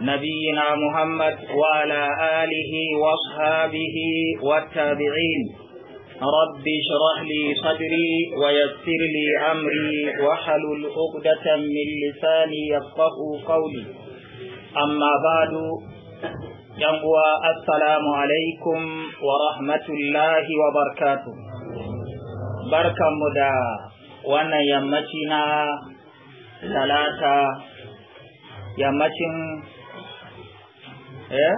نبينا محمد وعلى آله وأصحابه والتابعين رب اشرح لي صدري ويسر لي أمري واحلل عقدة من لساني يفقه قولي أما بعد ينقوى السلام عليكم ورحمة الله وبركاته بركة مدى وانا يمتنا ثلاثة يمتنا Eh?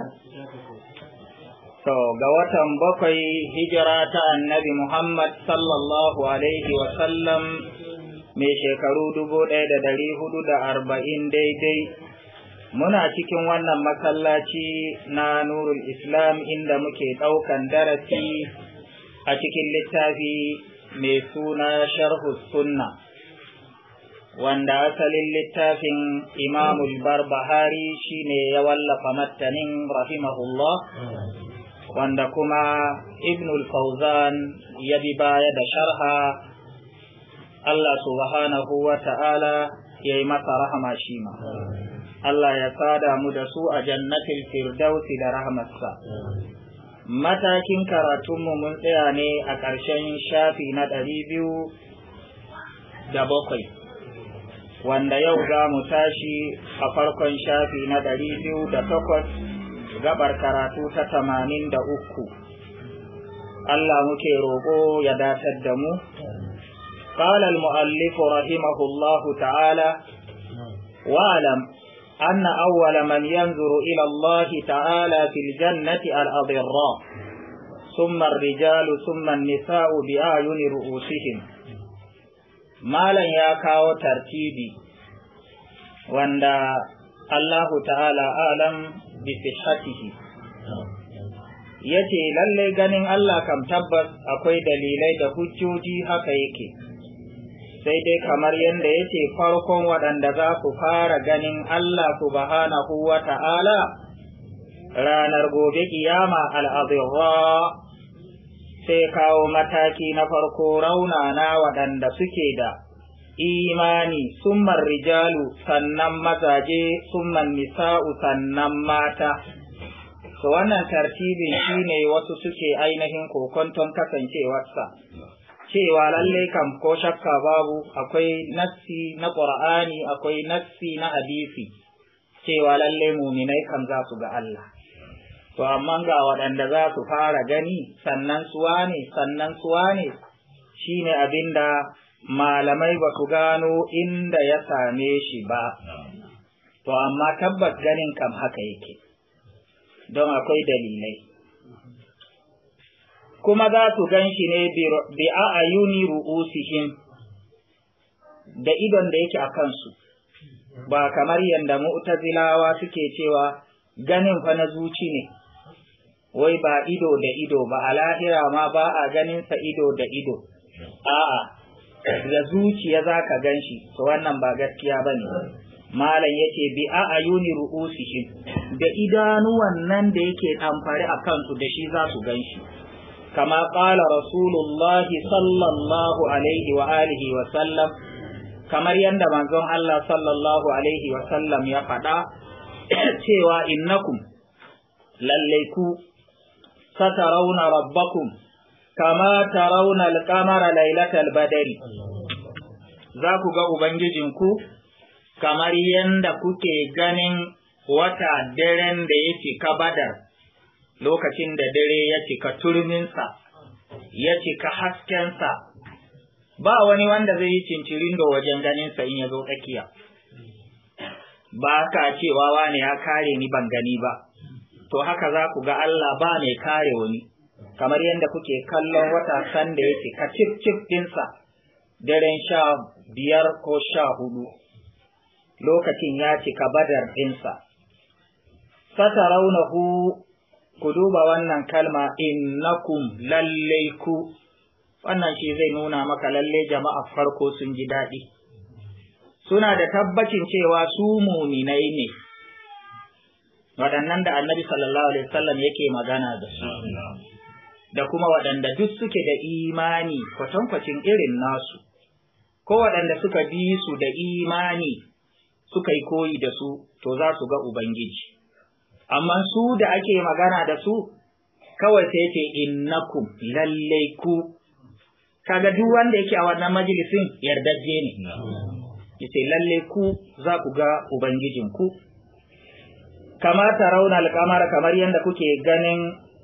to ga watan bakwai hijira ta annabi muhammad sallallahu alaihi wasallam mai shekaru dubu ɗaya da dari hudu da arba'in daidai muna cikin wannan masallaci na nurul islam inda muke ɗaukan darasi a cikin littafi mai suna sharhu sunna wanda asalin littafin imamul barbahari shine ya wallafa mattanin rahimahullah wanda kuma ibnul fauzan ya bi baya da sharha Allah subhanahu wa ta'ala ya yi masa rahama shi ma Allah ya sada mu da su a jannatin firdausi da rahmarsa matakin karatunmu mun tsaya ne a ƙarshen shafi na ɗari biyu da bakwai wanda yau za mu tashi a farkon shafi na 208 gabar karatu ta 83 Allah muke roƙo ya datar da mu qala al-mu'allif rahimahullahu ta'ala wa alam anna أن man yanzuru ila Allah ta'ala fil jannati al-adhirra ثم الرجال ثم النساء بأعين رؤوسهم malam ya kawo tartibi wanda Allahu ta'ala alam bi sihhatihi yace lallai ganin Allah kam tabbas akwai dalilai da hujjoji haka yake sai dai kamar yadda yace farkon waɗanda za ku fara ganin Allah subhanahu wa ta'ala ranar gobe kiyama al'azirra sai kawo mataki na farko rauna na waɗanda suke da imani summan rijalu sannan mazaje summan nisa'u sannan mata su wannan tartibin ne wasu suke ainihin kokonton kasancewarsa cewa lalle kam ko shakka babu akwai nassi na ƙur'ani akwai nassi na hadisi cewa lalle muminai kam za su ga Allah to amma ga waɗanda za su fara gani sannan suwa ne sannan suwa ne shi ne abin da malamai ba su gano inda ya same shi ba to amma tabbas ganin kam haka yake don akwai dalilai kuma za su gan shi ne bi a ayuni ru'usihim da idon da yake a kansu ba kamar yadda mu'tazilawa suke cewa ganin fa na zuci ne wai ba ido da ido ba a lahira ma ba a ganin sa ido da ido a'a da zuciya za ka gan shi to wannan ba gaskiya ba ne malam ya ce bi a ayuni ru'usihim da idanuwan nan da yake amfani a kansu da shi za su gan shi kama ƙala rasulullahi sallallahu alaihi wa alihi wa sallam kamar yadda manzon Allah sallallahu alaihi wa sallam ya faɗa cewa innakum lallai al-qamara كما ترون za ku ga ubangijin ku kamar yanda kuke ganin wata daren da ya cika badar lokacin da dare ya cika turminsa ya cika haskensa ba wani wanda zai yi cincirin da wajen ganinsa in ya zo tsakiya ba ka cewa wane ya kare ni ban gani ba to haka za ku ga Allah ba mai kare wani kamar yadda kuke kallon wata sanda yake ka cif cif dinsa daren sha biyar ko sha hudu lokacin ya cika badar dinsa sataraunahu ku duba wannan kalma in innakum lallai ku wannan shi zai nuna maka lalle jama'a farko sun ji daɗi suna da tabbacin cewa su muminai ne waɗannan da annabi sallallahu alaihi wasallam yake magana da su da kuma waɗanda duk suke da imani kwatankwacin irin nasu ko waɗanda suka bi su da imani suka yi koyi da su to za su ga ubangiji amma su da ake magana da su kawai sai ce innakum lallai ku kaga duk wanda yake a wannan majalisin yardajje ne yace lallai ku za ku ga Ubangijin ku? kama tarawna alkamar kamar yadda kuke ganin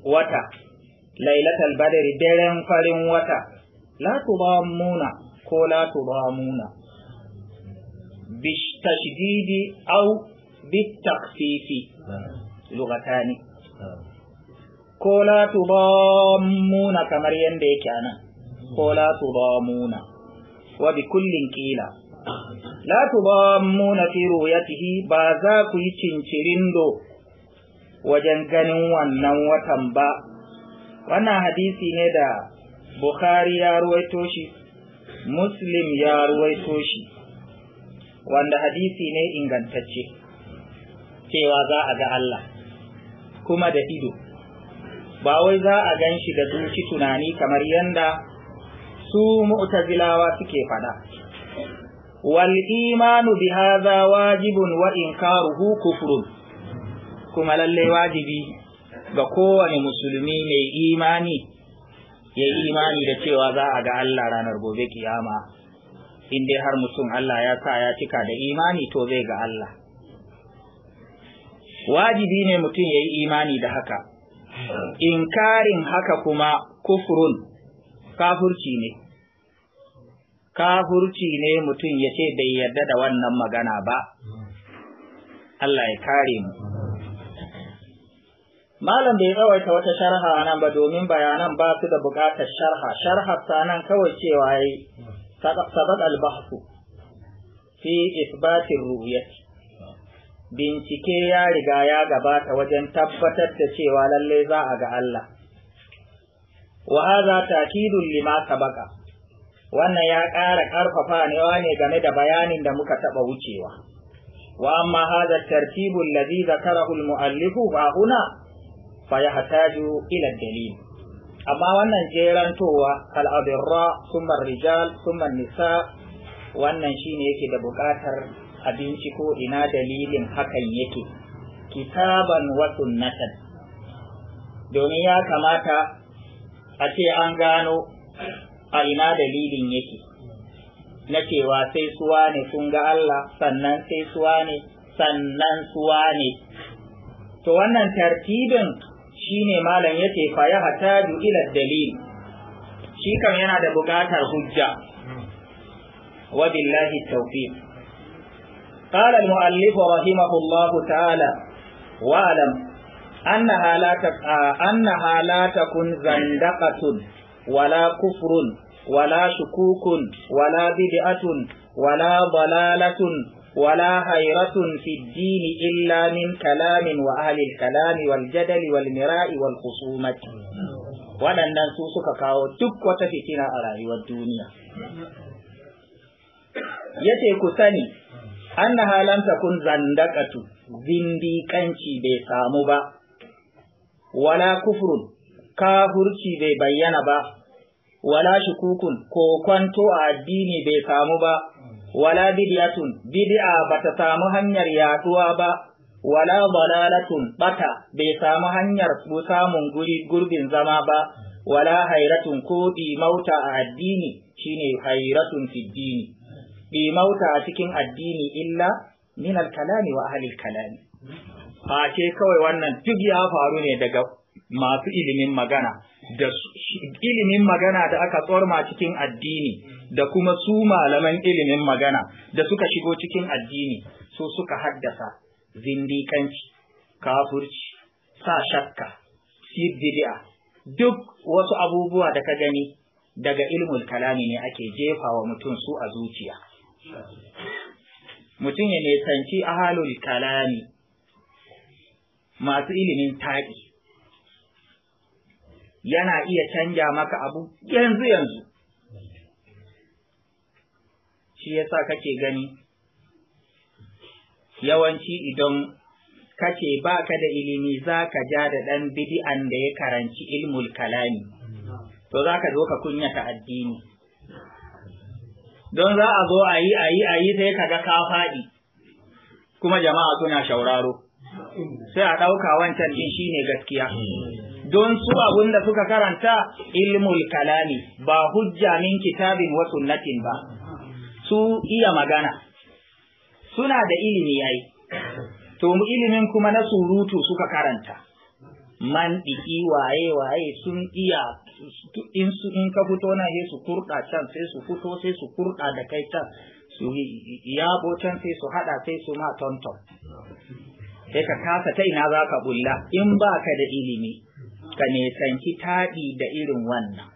wata lailatul badri daren farin wata la muna ko la shi bistashdidi au bitakfifi lugatani ko la muna kamar yadda yake anan ko la muna wa bi kullin ƙila? la tubammuna fi tihi ba za ku yi cincirindo wajen ganin wannan watan ba wannan hadisi ne da Bukhari ya ruwaito shi Muslim ya ruwaito shi wanda hadisi ne ingantacce cewa za a ga Allah kuma da ido ba wai za a gan shi da zuci tunani kamar yanda su mu'tazilawa suke fada wal imanu bi hadha wajibun wa inkaruhu kufrun kuma lalle wajibi ga kowane musulmi mai imani ya yi imani da cewa za a ga Allah ranar gobe kiyama in dai har mutum Allah ya sa ya cika da imani to zai ga Allah wajibi ne mutum ya yi imani da haka inkarin haka kuma kufurun kafurci ne kafurci ne mutum ya ce bai yarda da wannan magana ba Allah ya kare mu Malam bai tsawaita wata sharha nan ba domin bayanan ba su da buƙatar sharha, sharha nan kawai cewa yi sabab albahsu fi isbatin ru'yati bincike ya riga ya gabata wajen tabbatar da cewa lallai za a ga Allah. Wa haza ta lima sabaka wannan ya ƙara ƙarfafa ne game da bayanin da muka taɓa wucewa wa amma hadha tartibu alladhi zakarahu almu'allifu fa huna fa yahtaju ila dalil amma wannan jerantowa al-adirra thumma rijal thumma nisa wannan shine yake da buƙatar abinci ko ina dalilin hakan yake kitaban wa sunnatan domin ya kamata a ce an gano a ina dalilin yake na cewa sai suwa ne sun ga Allah sannan sai suwa ne sannan suwa ne to wannan tartibin shine malam yace fa ya hataju ila dalil shi kan yana da buƙatar hujja wa billahi tawfiq قال المؤلف رحمه الله تعالى واعلم أنها ta أنها لا تكن زندقة ولا كفر ولا شكوك ولا بدعة ولا ضلالة ولا حيرة في الدين إلا من كلام وأهل الكلام والجدل والمراء والخصومة waɗannan su suka kawo duk wata fitina a rayuwar duniya ya ce ku sani an na halanta kun zandakatu zindiƙanci bai samu ba wala kufurun kahurci bai bayyana ba wala shukukun ko kwanto a addini bai samu ba wala bidiyatun bidi'a ba ta samu hanyar yaduwa ba wala balalatun bata bai samu hanyar samun guri gurbin zama ba wala hairatun ko mauta a addini shine hairatun fiddini mauta a cikin addini illa min kalami wa ahli kalami Ake kawai wannan duk ya faru ne daga masu ilimin magana da ilimin magana da aka tsorma cikin addini da kuma su malaman ilimin magana da suka shigo cikin addini su suka haddasa zindikanci kafurci sa shakka sibbidi'a duk wasu abubuwa da ka gani daga ilmul kalami ne ake jefawa mutum su a zuciya mutum ya nisanci ahalul kalami masu ilimin taƙi yana iya canja maka abu yanzu yanzu shi ya sa kake gani yawanci idan kake baka da ilimi za ka ja da ɗan bidi'an da ya karanci ilmul kalami to za ka zo ka kunya kunyata addini don za a zo a yi a yi a yi sai kaga ka faɗi kuma jama'a suna shauraro sai a ɗauka wancan din ne gaskiya don su abun da suka karanta ilmul kalami ba hujja min kitabin wa sunnatin ba su iya magana suna da ilimi yayi to ilimin kuma na surutu suka karanta man ɗiki waye waye sun iya in su in ka fito na sai su kurɗa can sai su fito sai su kurɗa da kai can su yabo can sai su haɗa sai su ma tonton sai ka kasa ta ina za ka bulla in ba ka da ilimi ka nisanci taɗi da irin wannan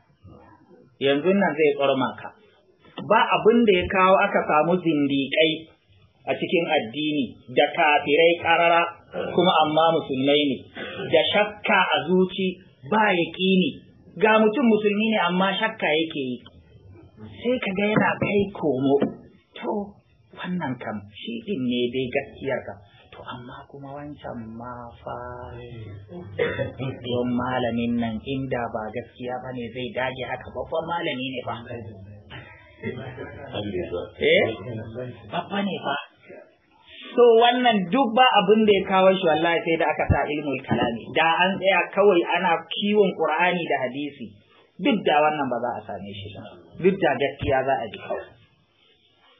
yanzu nan zai korma ka ba abin da ya kawo aka samu zindiƙai a cikin addini da kafirai ƙarara kuma amma musulmai ne da shakka a zuci ba yaƙini ga mutum musulmi ne amma shakka yake yi sai ka yana kai komo to wannan kam shi ɗin ne dai gaskiyar ka to amma kuma wancan ma fa bidiyon eh. malamin nan inda ba gaskiya ba ne zai dage haka babban malami ne fa eh babba ne fa so wannan duk ba abin da ya kawo shi wallahi sai da aka sa ilmul kalami da an tsaya kawai ana kiwon qur'ani da hadisi duk da wannan ba za a same shi ba duk da gaskiya za a ji kawai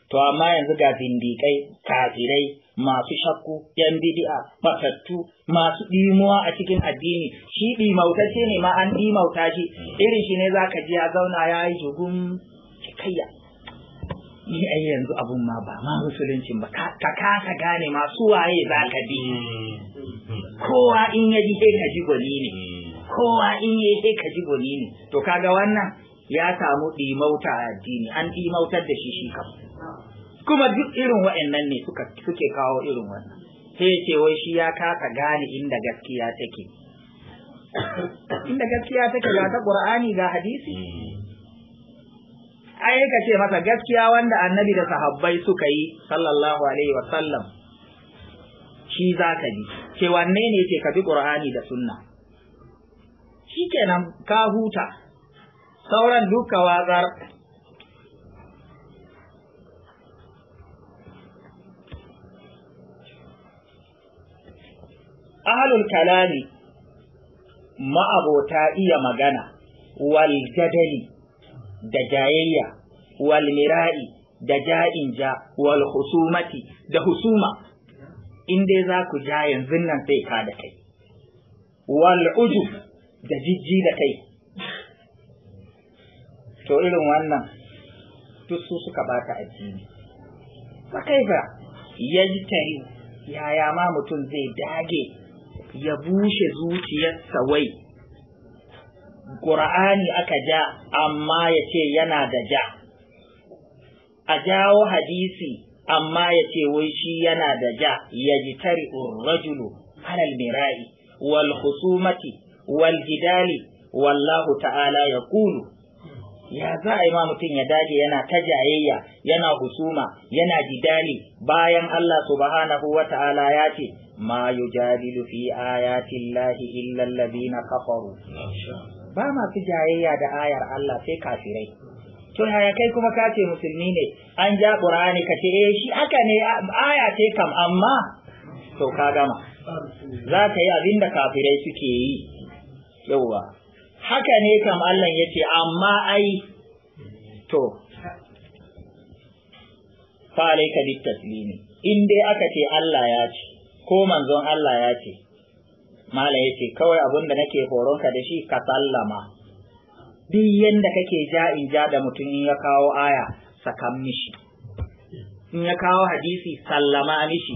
to amma yanzu ga bindikai kafirai masu shakku yan bidi'a fatattu masu ɗimuwa a cikin addini shi ce ne ma an ɗimauta shi irin shi ne ka ji ya zauna ya yi jugun kayya ni ai yanzu abun ma ba ma musuluncin ba ka kasa gane ma waye za ka bi kowa in ya ji sai ka ji gwani ne kowa in ya sai ka ji gwani ne to kaga wannan ya samu ɗimauta addini an ɗimautar da shi shi kafin. kuma duk irin waɗannan ne suka suke kawo irin wannan sai yake wai shi ya kasa gane inda gaskiya take inda gaskiya take ga ta qur'ani ga hadisi hmm. ai ka ce masa gaskiya wanda annabi da sahabbai suka yi sallallahu alaihi wa sallam shi za ka bi ce wanne ne ce ka bi qur'ani da sunna kenan ka huta sauran duka watsar ahlul kalami ma'abota iya magana wal gadali da jayayya wal mira'i da ja'in ja wal husumati da husuma in dai za ku ja yanzu nan sai ka da kai wal uju da jijji da kai to irin wannan duk su suka bata addini ya kaifa tari, yaya ma mutum zai dage ya bushe zuciyarsa wai ƙura'ani aka ja amma yace yana da ja a jawo hadisi amma yace wai shi yana da ja ya ji tari rajulu halal mirai wal husumati wal jidali wallahu ta'ala ya kulu ya za a yi ma mutum ya dage yana ta jayayya yana husuma yana jidali bayan Allah subhanahu wa ta'ala ya ce ma yujadilu fi ayati llahi illa alladhina kafaru ba ma fi jayayya da ayar Allah sai kafirai to yaya kai kuma ka ce musulmi ne an ja qur'ani ka ce eh shi haka ne aya ce kam amma to ka gama za ka yi abinda kafirai suke yi yauwa haka ne kam Allah ya ce amma ai to fa ka bi taslimi in dai aka ce Allah ya ce ko manzon Allah ya ce mala ya ce kawai abin da nake horonka da shi ka sallama duk yanda kake ja in ja da mutum in ya kawo aya sakan mishi in ya kawo hadisi sallama mishi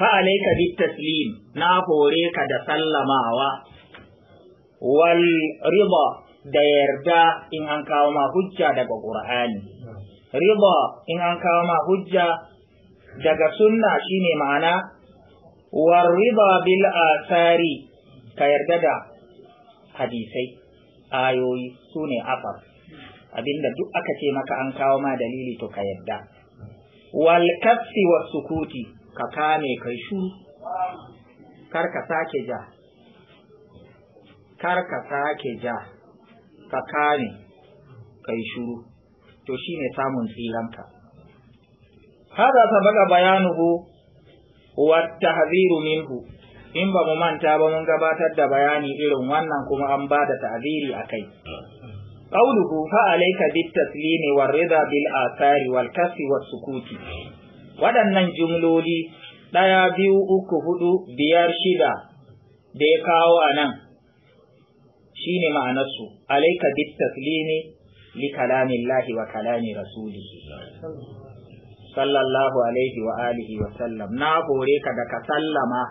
fa ka bi taslimi na hore ka da sallamawa wal riba da yarda in an kawo ma hujja daga qur'ani riba in an kawo ma hujja daga sunna shine ma'ana war riba bil asari ka yarda da hadisai ayoyi sune afar abinda duk aka ce maka an kawo ma dalili to ka yarda wal kafi was sukuti ka kame kai shu kar ka sake ja kar ka sake ja ka kame kai shuru to shine samun tsiranka hada bayanu hu wa tahziru minhu in ba mu manta ba mun gabatar da bayani irin wannan kuma an ba da ta'ziri akai qauluhu fa alayka bit taslimi wa rida bil athari wal kasfi wa sukuti waɗannan jumloli ɗaya biyu uku hudu biyar shida da ya kawo a nan shine ma'anarsu alaika bit taslimi li kalamin lahi wa kalami rasuli. sallallahu alaihi wa alihi wa sallam na hore ka da ka sallama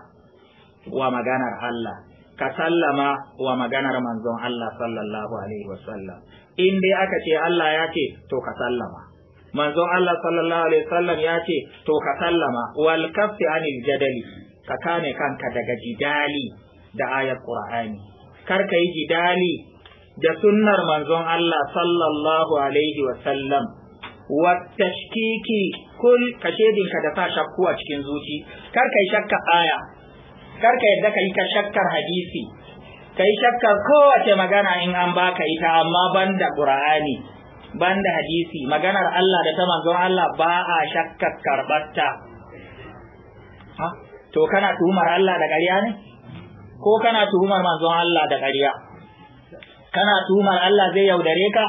wa maganar Allah ka sallama wa maganar manzon Allah sallallahu alaihi wa sallam in dai aka ce Allah ya ce to ka sallama manzon Allah sallallahu alaihi wa sallam ya ce to ka sallama wal kaffi anil jadali ka kame kanka daga jidali da ayar qur'ani kar ka yi jidali da sunnar manzon Allah sallallahu alaihi wa sallam wa tashkiki kul ka shedinka da sa shakku a cikin zuci kar ka yi shakkar aya kar ka yadda ka yi ka shakkar hadisi ka yi shakkar kowace magana in an baka ita amma banda qur'ani banda hadisi maganar Allah da ta manzon Allah ba a shakkar karbatta to kana tumar Allah da ƙarya ne ko kana tuhumar manzon Allah da ƙarya kana tuhumar Allah zai yaudare ka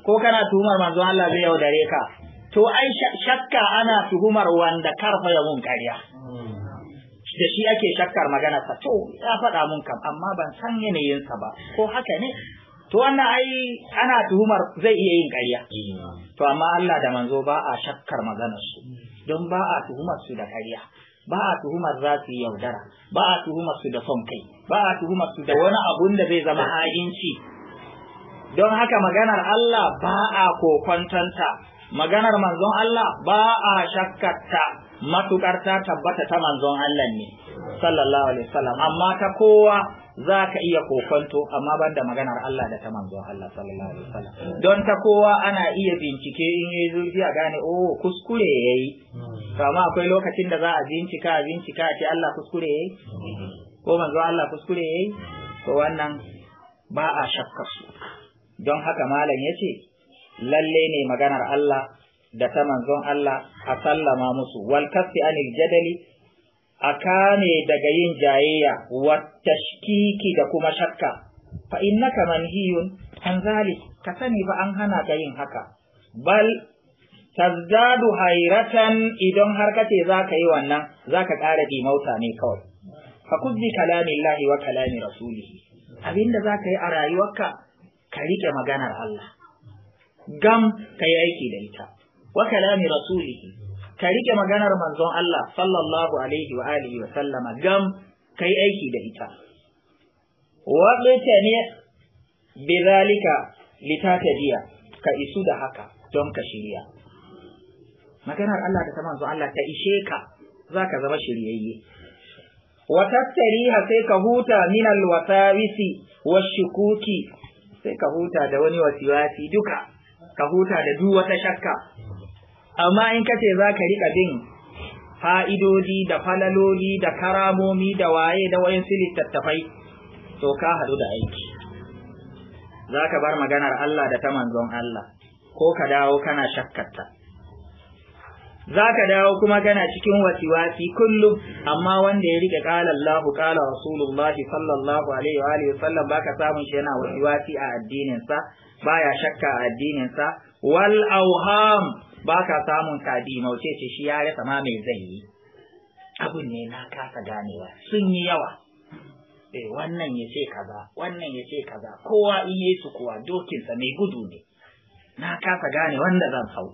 ko kana tuhumar manzon Allah zai yaudare ka to ai shakka ana tuhumar wanda karfa ya mun ƙarya da shi ake shakkar magana sa to ya faɗa mun kam amma ban san yanayinsa ba ko haka ne to wannan ai ana tuhumar zai iya yin ƙarya to amma Allah da manzo ba a shakkar maganar su don ba a tuhumar su da ƙarya ba a tuhumar za su yi yaudara ba a tuhumar su da son kai ba a tuhumar su da wani abun da zai zama ha'inci don haka maganar Allah ba a kokwantanta maganar manzon Allah ba a shakkata matukar ta tabbata ta manzon Allah ne sallallahu alaihi wasallam amma ta kowa za ka iya kokonto amma ban da maganar Allah da ta manzon Allah sallallahu alaihi wasallam don ta kowa ana iya bincike in yayi zurfi a gane oh kuskure yayi to amma akwai lokacin da za a bincika a bincika a ce Allah kuskure yayi ko manzo Allah kuskure yayi to wannan ba a shakka su don haka malam yace lalle ne maganar Allah da ta manzon Allah a sallama musu wal kasfi anil jadali a kame daga yin jayayya wa tashkiki da kuma shakka fa innaka manhiyun an zalik ka sani ba an hana ka yin haka bal tazdadu hairatan idan har kace za ka yi wannan za ka ƙara ɗimauta ne kawai fa kuzbi kalamillahi wa kalami rasulihi abinda za ka yi a rayuwarka ka riƙe maganar Allah gam ka yi aiki da ita wa kalami rasulihi ka riƙe maganar manzon Allah sallallahu alaihi wa alihi wa sallama gam ka yi aiki da ita wa ne bi zalika litatajiya ka isu da haka don ka shirya maganar Allah da ta manzo Allah ta ishe ka zaka zama shiryayye Wata tattariha sai ka huta min alwasawisi washukuki sai ka huta da wani wasiwasi duka ka huta da duk wata shakka amma in za zaka riƙa bin fa'idodi da falaloli da karamomi da waye da wayan littattafai to ka hadu da aiki zaka bar maganar Allah da ta manzon Allah ko ka dawo kana shakkarta za ka dawo kuma gana cikin wasiwasi kullum amma wanda ya rike kala Allah kala Rasulullah sallallahu alaihi wa alihi sallam baka samun shi yana wasiwasi a addinin sa baya shakka a addinin sa wal awham baka samun kadi mauce ce shi ya rasa ma mai zai yi abun ne na kasa ganewa sun yi yawa eh wannan ya ce kaza wannan ya ce kaza kowa in yi su kuwa dokinsa mai gudu ne na kasa gane wanda zan hau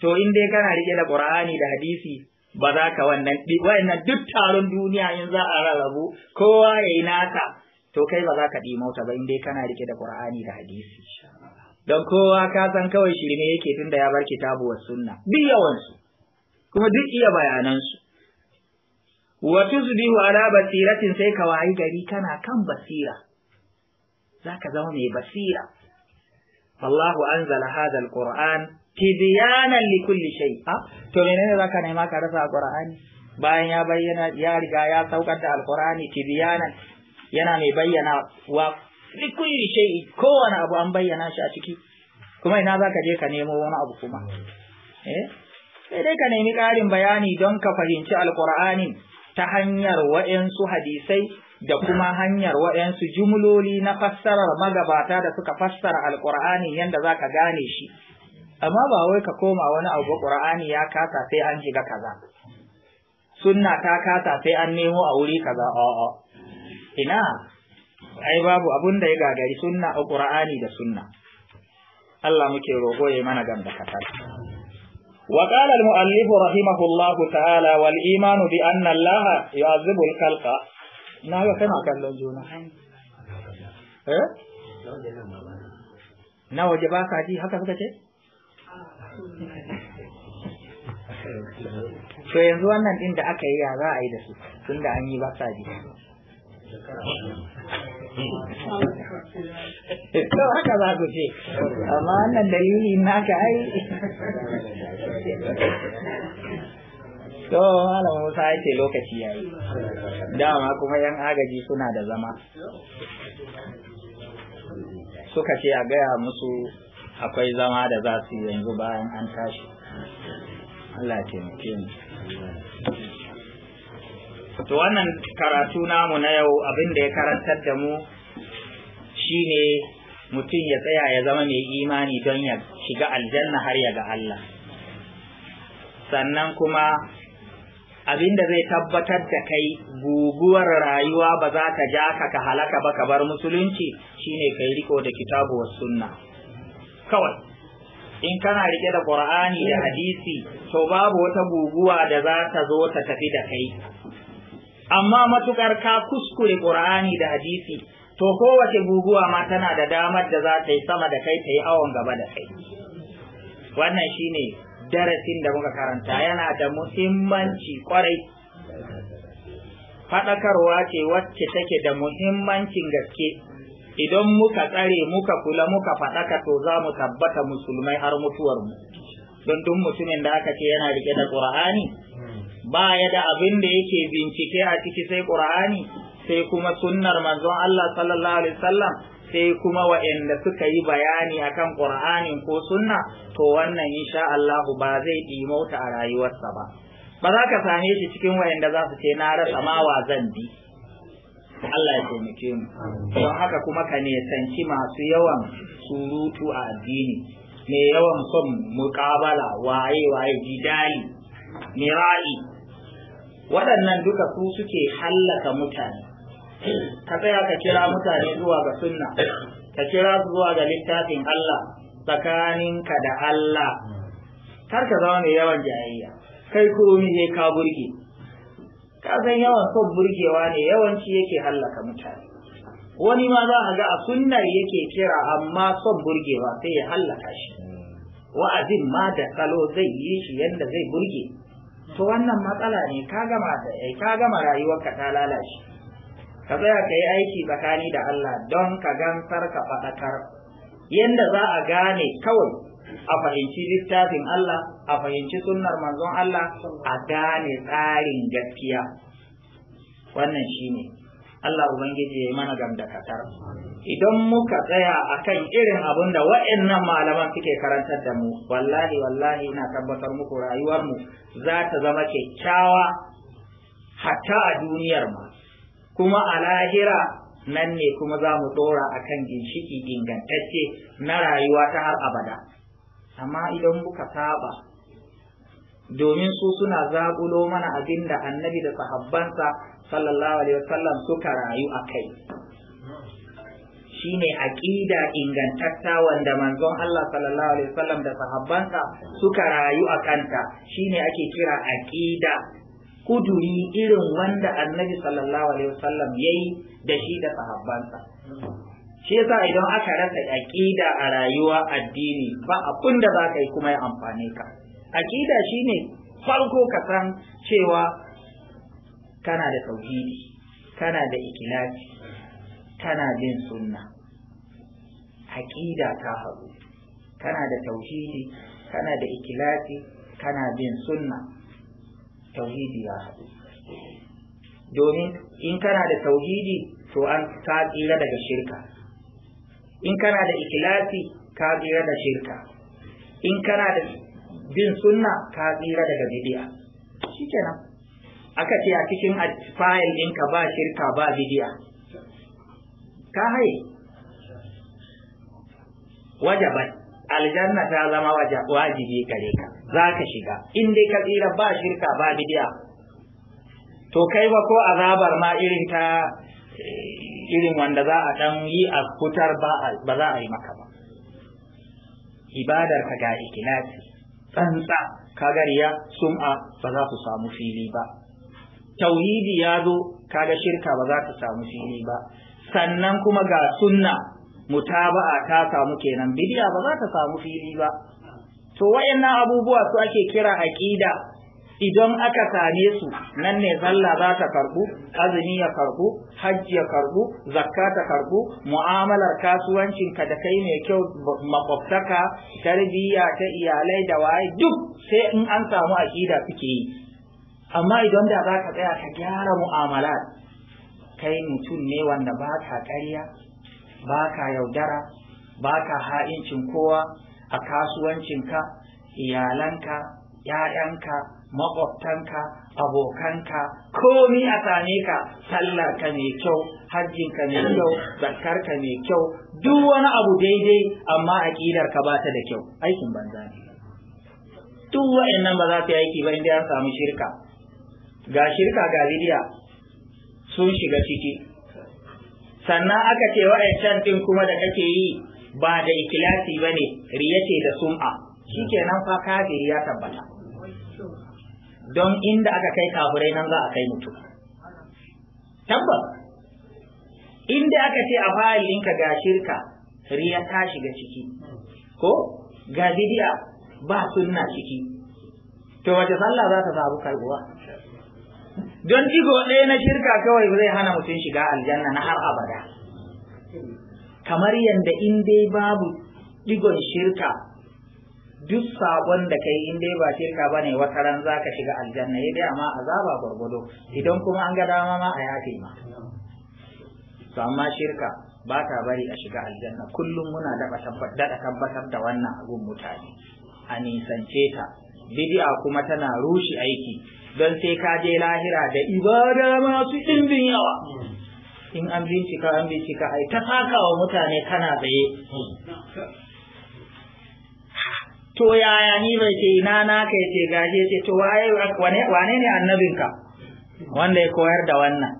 to in dai kana rike da qur'ani da hadisi ba za ka wannan duk taron duniya in za a rarrabu kowa ya yi nasa to kai ba za ka mota ba in dai kana rike da qur'ani da hadisi don kowa ka san kawai shirme yake tunda ya bar kitabu wa sunna duk yawansu kuma duk iya bayanansu wa tuzbihu ala basiratin sai ka wayi gari kana kan basira ka zama mai basira Allahu anzala hadha al-Qur'an tibiyanan likulli shay ha to menene zaka nema ka rasa alqur'ani bayan ya bayyana ya riga ya saukar da alqur'ani tibiyanan yana mai bayyana wa likulli shay kowane abu an bayyana shi a ciki kuma ina zaka je ka nemo wani abu kuma eh sai dai ka nemi ƙarin bayani don ka fahimci alqur'ani ta hanyar wayansu hadisai da kuma hanyar wayansu jumloli na fassarar magabata da suka fassara alqur'ani yanda zaka gane shi amma ba wai ka koma wani abu qur'ani ya kasa sai an shiga kaza sunna ta kasa sai an nemo a wuri kaza a'a ina ai babu abun da ya gagari sunna a qur'ani da sunna Allah muke roƙo ya mana gamba mu'allif وقال ta'ala wal iman bi anna allah الله al khalqa na ga kana kallon juna eh na waje ba ka ji haka suka ce to yanzu wannan din da aka yi ya za a yi da su tun da an yi ba sa ji to haka za ku ce amma wannan dalili ka ai to malam Musa ya ce lokaci ya yi dama kuma yan agaji suna da zama suka ce a gaya musu akwai zama da za su yanzu bayan an tashi Allah taimake mu to wannan karatu namu na yau abin da ya karantar da mu shine mutum ya tsaya ya zama mai imani don ya shiga aljanna har ya ga Allah sannan kuma abin da zai tabbatar da kai guguwar rayuwa ba za ka ja ka halaka ba ka bar musulunci shine kai riko da kitabu wa sunna kawai in kana rike da qur'ani da hadisi to babu wata guguwa da za ta zo ta tafi da kai amma matukar ka kuskure qur'ani da hadisi to kowace guguwa ma tana da damar da za ta yi sama da kai ta yi awon gaba da kai wannan shine darasin da muka karanta yana da muhimmanci kwarai faɗakarwa ce wacce take da muhimmancin gaske idan muka tsare muka kula muka faɗaka to za mu tabbata musulmai har mutuwarmu don duk mutumin da aka ce yana rike da ƙur'ani ba ya da abin da yake bincike a ciki sai ƙur'ani sai kuma sunnar manzon Allah sallallahu alaihi wasallam sai kuma wa'anda suka yi bayani akan ƙur'anin ko sunna to wannan insha Allah ba zai ɗimauta a rayuwarsa ba ba za ka same shi cikin wa'anda za su ce na rasa ma wa zan bi Allah ya taimake mu don haka kuma ka ne nisanci masu yawan surutu a addini mai yawan son muƙabala waye waye jidali mira'i waɗannan duka su suke hallaka mutane ka tsaya ka kira mutane zuwa ga sunna ka kira su zuwa ga littafin Allah tsakaninka da Allah kar ka zama mai yawan jayayya kai komi sai ka burge kasan yawan son burgewa ne yawanci yake hallaka mutane wani ma za a ga a sunnar yake kira amma son burgewa sai ya hallaka shi wa'azin ma da salo zai yi shi yadda zai burge to wannan matsala ne ka gama da eh, ka gama rayuwarka ta lalace ka tsaya ka yi aiki tsakani da Allah don ka gansar ka faɗakar yadda za a gane kawai a fahimci littafin Allah a fahimci sunnar manzon Allah a gane tsarin gaskiya wannan shine Allah ubangiji ya yi mana katar idan muka tsaya a kan irin abin da nan malaman suke karantar da mu wallahi wallahi ina tabbatar muku rayuwarmu za ta zama kyakkyawa hatta a duniyar ma kuma a lahira nan ne kuma za mu dora kan ginshiki ingantacce na rayuwa ta har abada amma idan muka saba domin su suna zabulo mana abin da annabi da sahabbansa sallallahu alaihi wasallam suka rayu a kai shine aqida ingantatta wanda manzon Allah sallallahu alaihi wasallam da sahabbansa suka rayu a kanta shine ake kira aqida kuduri irin wanda annabi sallallahu alaihi wasallam yayi da shi da sahabbansa shi yasa idan aka rasa aƙida a rayuwa addini ba abin da za ka yi kuma ya amfane ka aƙida shine farko ka san cewa kana da tauhidi kana da ikilasi kana bin sunna aƙida ta haɗu kana da tauhidi kana da ikilasi kana bin sunna tauhidi ya haɗu domin in kana da tauhidi to an ka tsira daga shirka in kana da ikilasi ka tsira da shirka in kana da bin sunna ka tsira daga bidiya shikenan aka ce a cikin in ɗinka ba shirka ba bidiya ka haye wajaban aljanna ta zama wajibi gare ka za ka shiga in dai ka tsira ba shirka ba bidiya to kai ba ko azabar ma irin ta irin wanda za a dan yi a kutar ba za a yi maka ba ibadar ka ga ikilasi tsantsa kagariya sum'a ba za ku samu fili ba tauhidi ya zo kaga shirka ba za ta samu fili ba sannan kuma ga sunna mutaba'a ta samu kenan bidiya ba za ta samu fili ba to wayannan abubuwa su ake kira aƙida idan aka same su nan ne sallah za ta karbu azumi ya karbu hajji ya karbu zakka ta karbu mu'amalar kasuwancin ka da kai mai kyau makwabtaka tarbiyya ta iyalai da waye duk sai in an samu aƙida suke yi amma idan da za ka tsaya ka gyara mu'amala kai mutum ne wanda ba ka ƙarya ba ka yaudara ba ka ha'incin kowa a kasuwancinka iyalanka 'ya'yanka maƙwabtanka abokanka komi a same ka sallar ka mai kyau hajjinka mai kyau zakkar ka mai kyau duk wani abu daidai amma ƙidar ka ba ta da kyau aikin banza ne duk wa'annan ba za su yi aiki ba inda an samu shirka ga shirka ga bidiya sun shiga ciki sannan aka ce wa'ancan ɗin kuma da kake yi ba da ikilasi ba ne riyace da sum'a shikenan fa kafiri ya tabbata don inda aka kai kafirai nan za a kai mutum tabbas inda aka ce a fa'ilinka ga shirka riya ta shiga ciki ko ga bidiya ba sunna ciki to wace sallah za ta samu karbuwa don digo ɗaya na shirka kawai zai hana mutum shiga aljanna na har abada kamar yadda in dai babu digon shirka duk sabon da kai in dai ba shirka ba ne wata ran za ka shiga aljanna ya dai amma azaba gwargwado idan kuma an ga dama ma a yafe ma to amma shirka ba ta bari a shiga aljanna kullum muna daɗa tabbatar da wannan abun mutane a nisance ta bidi'a kuma tana rushe aiki don sai ka je lahira da ibada masu ɗimbin yawa in an bincika an bincika ai ta saka wa mutane kana tsaye to yaya ni bai ce ina na ka ce gaje? ce to waye wane wane ne annabinka wanda ya koyar da wannan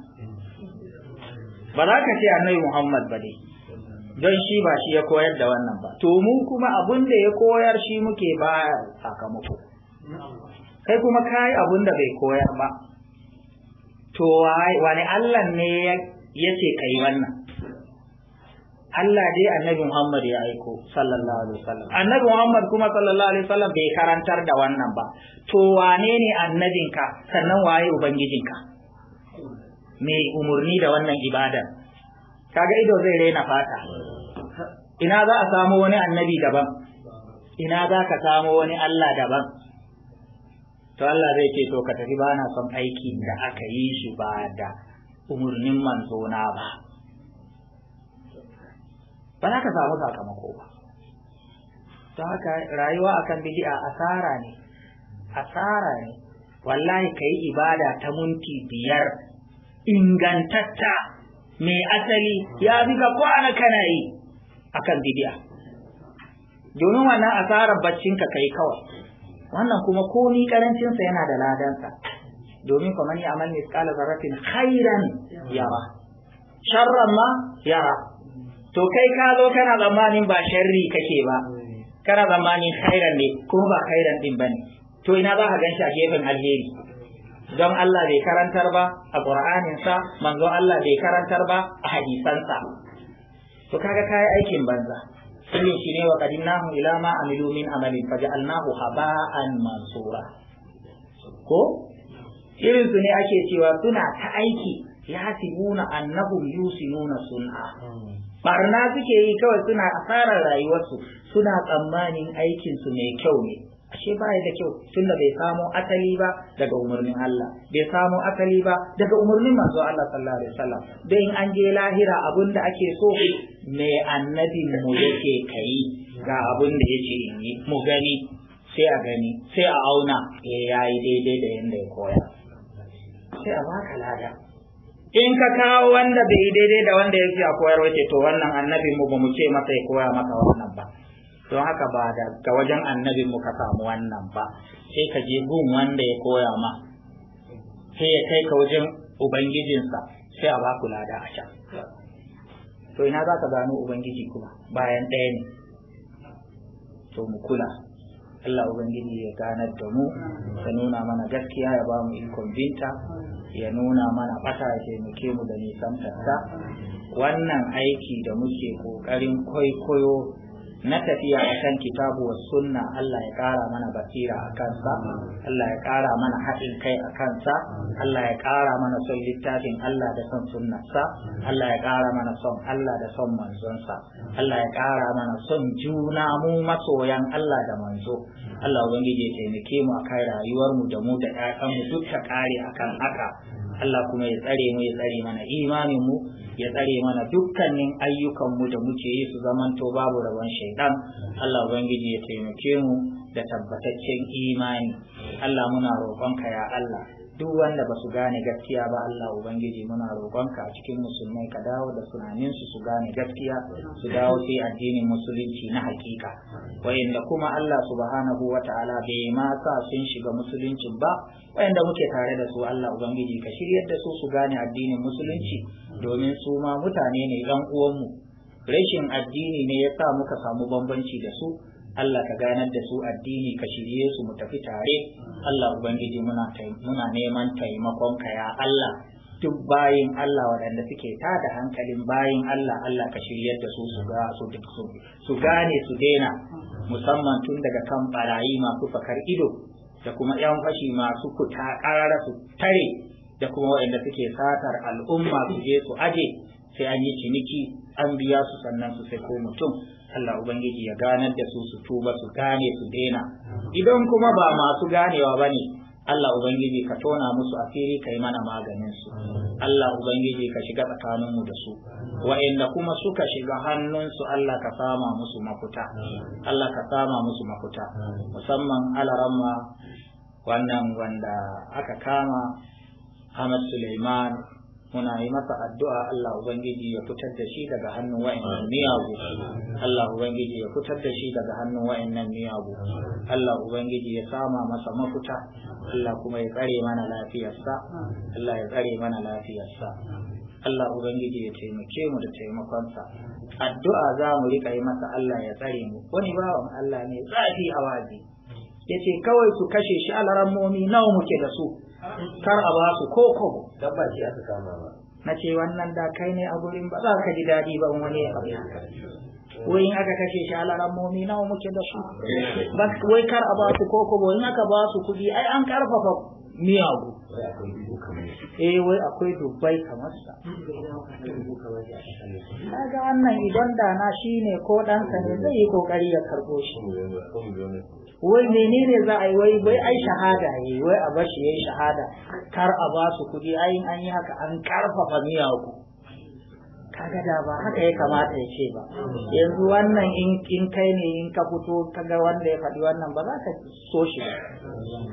ba za ka ce annabi Muhammad ba dai don shi ba shi ya koyar da wannan ba to mu kuma abun da ya koyar shi muke ba sakamako kai kuma kai abun da bai koyar ba to wani Allah ne ya ce kai wannan Allah dai annabi Muhammad ya aiko sallallahu alaihi wasallam annabi Muhammad kuma sallallahu alaihi wasallam bai karantar da wannan ba to wane ne annabinka sannan waye ubangijinka me umurni da wannan ibada kaga ido zai rena fata ina za a samu wani annabi daban ina za ka samu wani Allah daban to Allah zai ce to ka tafi bana son aikin da aka yi shi ba da umurnin manzona ba ba za ka samu sakamako ba don haka rayuwa akan bidi'a asara ne asara ne wallahi ka yi ibada ta munti biyar ingantatta mai asali ya fi ka kwana kana yi akan bidi'a. domin wannan asarar baccinka yi kawai wannan kuma komi karancinsa yana da ladansa domin kuma ni amal misqala zarafin khairan yara sharran ma yara to kai ka zo kana zamanin ba sharri kake ba kana zamanin khairan ne kuma ba khairan din bane to ina za ka shi a gefen alheri don Allah bai karantar ba a sa manzo Allah bai karantar ba a hadisansa to kaga kai aikin banza sun shi ne wa qadinnahu ila ma amilu min amalin faj'alnahu haba'an mansura ko irin su ne ake cewa suna ta aiki ya sibuna annahum yusinuna sun'a barna suke yi kawai suna asarar rayuwarsu suna tsammanin aikinsu mai kyau ne ashe ba da kyau tunda bai samo asali ba daga umarnin Allah bai samo asali ba daga umarnin manzo Allah sallallahu alaihi wasallam dan an je lahira abinda ake so me annabi mu yake kai ga abin da yake yi mu gani sai a gani sai a auna eh yayi daidai da yanda ya koya sai a baka lada in ka kawo wanda bai daidai da wanda yake a koyar wace to wannan annabin mu ba mu ce masa ya koya maka wannan ba don haka ba da ga wajen annabin mu ka samu wannan ba sai ka je gun wanda ya koya ma sai ya kai ka wajen ubangijinsa sai a ba ku lada a can to ina za ka gano ubangiji kuma bayan ɗaya ne to mu kula Allah Ubangiji ya ganar da mu ya nuna mana gaskiya ya ba mu ikon binta ya nuna mana ɓata ya taimake mu da nisan wannan aiki da muke ƙoƙarin kwaikwayo na tafiya akan kitabu wa sunna Allah ya ƙara mana basira a kansa Allah ya ƙara mana haɗin kai a kansa Allah ya ƙara mana son littafin Allah da son sunnarsa Allah ya ƙara mana son Allah da son manzonsa Allah ya ƙara mana son juna mu masoyan Allah da manzo Allah ubangiji ya taimake mu akan kai rayuwarmu da mu da ƴaƴan mu duk ta ƙare akan haka Allah kuma ya tsare mu ya tsare mana imanin mu ya tsare mana dukkanin ayyukanmu da muke yi su zamanto babu rabon shaidan Allah ubangiji ya taimake mu da tabbataccen imani Allah muna roƙonka ya Allah duk wanda ba su gane gaskiya ba Allah Ubangiji muna roƙonka a cikin musulmai ka dawo da tunaninsu su gane gaskiya su dawo sai addinin musulunci na hakika wayanda kuma Allah subhanahu wa ta'ala bai ma sa sun shiga musuluncin ba wayanda muke tare da su Allah Ubangiji ka shiryar da su su gane addinin musulunci domin su ma mutane ne ɗan uwanmu rashin addini ne ya sa muka samu bambanci da su Allah ka ganar da su addini ka shirye su mu tafi tare Allah ubangiji muna muna neman taimakon ka ya Allah duk bayin Allah waɗanda suke ta da hankalin bayin Allah Allah ka shiryar da su su ga su duk su su gane su daina musamman tun daga kan barayi masu fakar ido da kuma yan fashi masu kuta ƙarara su tare da kuma waɗanda suke satar al'umma su je su aje sai an yi ciniki an biya su sannan su sai ko mutum Allah Ubangiji ya ganar da su su tuba su gane su daina idan kuma ba masu ganewa ba ne Allah Ubangiji ka tona musu asiri ka yi mana maganin su Allah Ubangiji ka shiga tsakaninmu da su wa'inda kuma suka shiga hannunsu Allah ka sama musu mafuta Allah ka sama musu mafuta musamman alaramma wannan wanda aka kama Ahmad Suleiman muna yi masa addu'a Allah Ubangiji ya fitar da shi daga hannun wa'annan miyagu Allah Ubangiji ya fitar da shi daga hannun wa'annan miyagu Allah Ubangiji ya sama masa mafuta Allah kuma ya tsare mana lafiyarsa Allah ya tsare mana lafiyarsa Allah Ubangiji ya taimake mu da taimakonsa addu'a za mu riƙa yi masa Allah ya tsare mu wani bawan Allah ne zafi a waje yace kawai su kashe shi alarammomi nawa muke da su kar a ba su ko ko dabba shi aka kama ba na ce wannan da kai ne a gurin ba za ka ji daɗi ba wani ya wai in aka kashe shi alaran momi nawa muke da su ba wai kar a ba su ko ko in aka ba su kuɗi ai an karfafa miyagu eh wai akwai dubbai kamar sa ga wannan idan da na shine ko sa ne zai yi kokari ya karbo shi wai menene za a yi wai bai ai shahada yi wai a bar shi yayi shahada kar a ba su kuɗi ai an yi haka an karfafa miyagu kaga da ba haka ya kamata ya ce ba yanzu wannan in in kai ne in ka fito kaga wanda ya faɗi wannan ba za ka so shi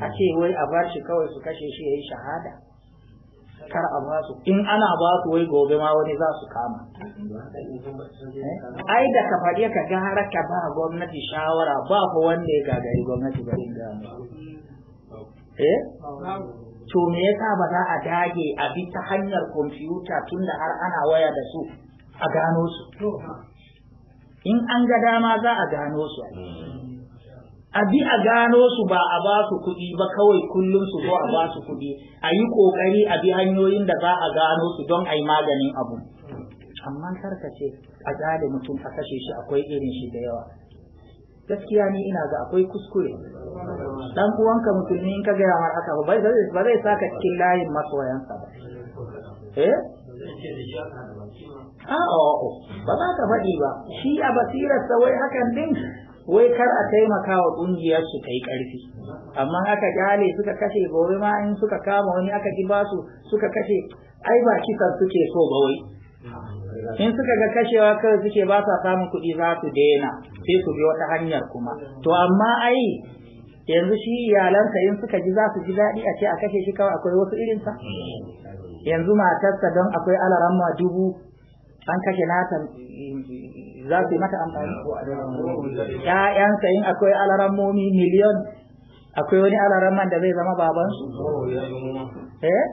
a ce wai a bar shi kawai su kashe shi yayi shahada kar a ba su in ana ba su wai gobe ma wani za su kama eh? ai da ka faɗi ka gara ka ba gwamnati shawara ba ku wanda ya gagari gwamnati ba inda eh? to me yasa ba za a dage a bi ta hanyar kwamfuta tunda har ana waya da su a gano su in an ga dama za a gano su hmm. a bi a gano su ba a ba su kuɗi ba kawai kullum su zo a ba su kuɗi a yi ƙoƙari a bi hanyoyin da za a gano su don a yi maganin abu amma ce a tsare mutum a kashe shi akwai irin shi da yawa gaskiya ni ina ga akwai kuskure dan uwanka mutumin in ka gaya mar haka ba ba zai saka cikin layin masoyansa ba eh a'a ba za ka faɗi ba shi a sa wai hakan din wai kar a taimaka wa ƙungiyar su ta yi ƙarfi amma aka kyale suka kashe gobe ma in suka kama wani aka ba basu suka kashe ai ba kisan suke so ba wai in suka ga kashewa kawai suke ba sa samun kuɗi za su daina sai su bi wata hanyar kuma to amma ai yanzu shi iyalansa in suka ji za su ji daɗi a ce a kashe shi kawai akwai wasu irinsa yanzu matarsa don akwai alaramma dubu an kashe nata za su yi mata amfani ƴaƴansa in akwai momi miliyon akwai wani man da zai zama baban eh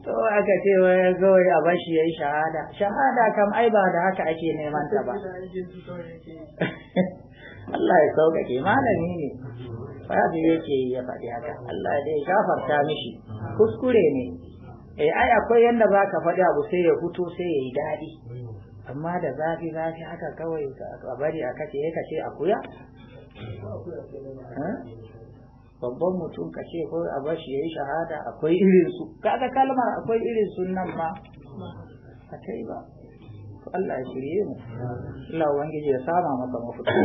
to aka ce wai kawai a bashi yi shahada shahada kam ai ba da haka ake neman ta ba Allah ya sauƙaƙe malami ne da yake ya faɗi haka Allah ya gafarta mishi kuskure ne eh ai akwai yanda zaka ka faɗi abu sai ya fito sai ya yi daɗi amma da zafi zafi haka kawai a bari a kace ya kace akuya eh? babban mutum ka ce ko a bashi ya yi shahada akwai irin su kaga kalma akwai irin su nan ma a kai ba Allah ya shirye mu Allah ubangiji ya sama maka mafita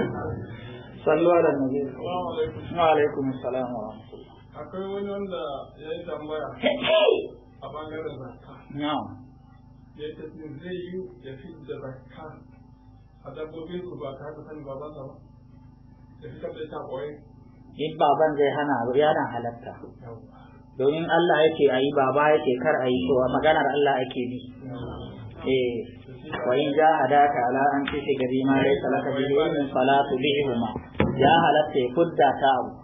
sallu ala nabi wa alaikum assalam wa rahmatullah akwai wani wanda ya yi tambaya a bangaren zakka ya zai yi ya ya fi baban zai hana yana halatta domin Allah yake ayi baba yake kar ayi to maganar Allah ake bi eh wa in ja daka ala an shi gari ma laysa laka bihi fala ma. ya halatta kudda ta abu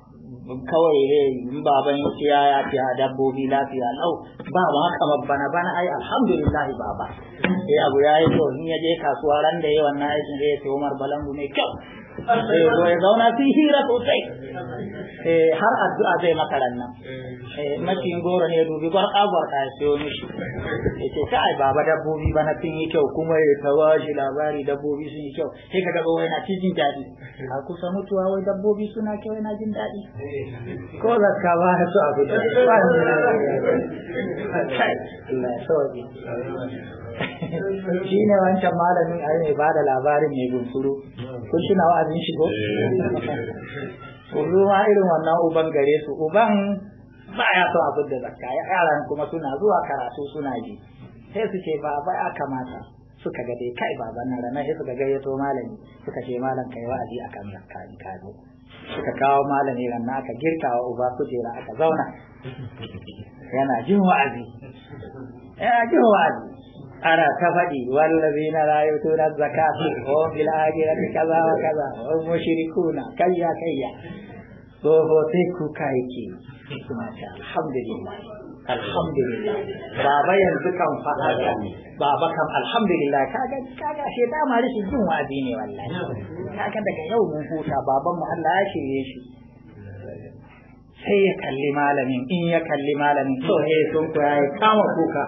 kawai in baban ya ya fi dabbobi lafiya lau ba ma haka bana bana ai alhamdulillah baba sai abu ya yi to in ya je kasuwa ran da yi wannan aikin zai ce balangu mai kyau sai eh, zauna sun hira sosai eh, har addu'a zai makaran nan eh, mafi goro ne dubi gwarka gwarka yi siyo mishi ya ce kai baba dabbobi ba na sun yi kyau kuma ya tawaji labari dabbobi sun yi kyau sai ka gaba yana ci jin daɗi a kusa mutuwa wai dabbobi suna kyau yana jin daɗi ko ka ba na su abu da ba Allah ya sauke shi ne wancan malamin a yi ne ba da labarin mai gunsuru kun shi na wa'azi mun shigo yanzu ma irin wannan uban gare su uban ba ya son abin da zakka yaran kuma suna zuwa karatu suna ji sai su ce ba ba ya kamata suka ga dai kai baban nan ranar sai suka gayyato malami suka ce malam kai wa'azi akan zakka in ka zo suka kawo malami ranar aka girkawa uba kujera aka zauna yana jin wa'azi yana jin wa'azi ana ta faɗi wallazi na rayu tunar zakatu ko bil'ajirati kaza wa kaza ko mushrikuna kayya kayya tsoho sai kuka ke alhamdulillah alhamdulillah baba yanzu kan faɗa ne baba kan alhamdulillah kaga kaga shi dama rishin jin wazi ne wallahi kaga daga yau mun huta baban mu Allah ya shirye shi sai ya kalli malamin in ya kalli malamin to eh sun kuya kama kuka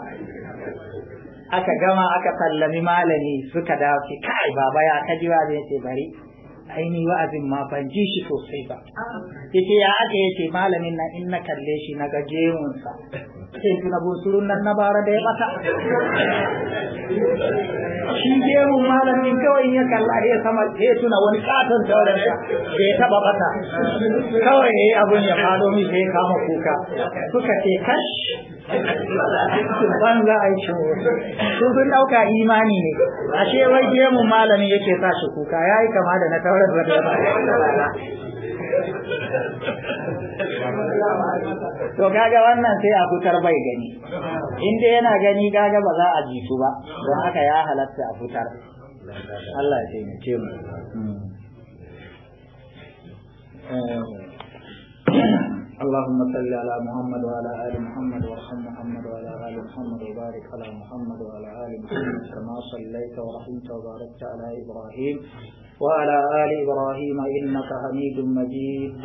aka gama aka sallami malami suka dace kai baba ya kaji ba zai ce bari aini wa'azin ma ban ji shi sosai ba yake ya aka yace malamin nan in na kalle shi na gajerun sa sai tuna bosurun nan na bara da ya bata shi gerun malamin kawai ya kalla ya sama sai tuna wani katon tauran sa da ya taba bata kawai abun ya fado mi sai kama kuka suka ce kash ban za a yi su sun ɗauka imani ne ashe wai gemun malami yake sa shi kuka ya yi kama da na taurar da to gaga wannan sai a fitar bai gani inda yana gani gaga ba za a su ba don haka ya halatta a fitar Allah ya taimake mu hmm. eh. اللهم صل على محمد وعلى آل محمد وارحم محمد وعلى آل محمد وبارك على محمد وعلى آل محمد كما صليت ورحمت وباركت على إبراهيم وعلى آل إبراهيم إنك حميد مجيد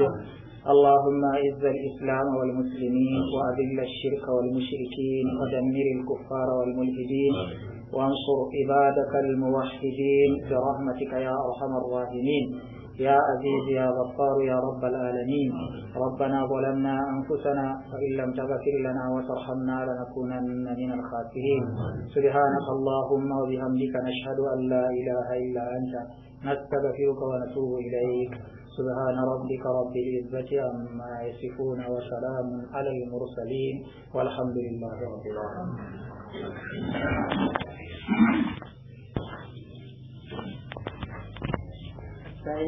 اللهم اعز الاسلام والمسلمين واذل الشرك والمشركين ودمر الكفار والملحدين وانصر عبادك الموحدين برحمتك يا ارحم الراحمين يا عزيز يا غفار يا رب العالمين ربنا ظلمنا أنفسنا فإن لم تغفر لنا وترحمنا لنكونن من الخاسرين سبحانك اللهم وبحمدك نشهد أن لا إله إلا أنت نستغفرك ونتوب إليك سبحان ربك رب العزة عما يصفون وسلام على المرسلين والحمد لله رب العالمين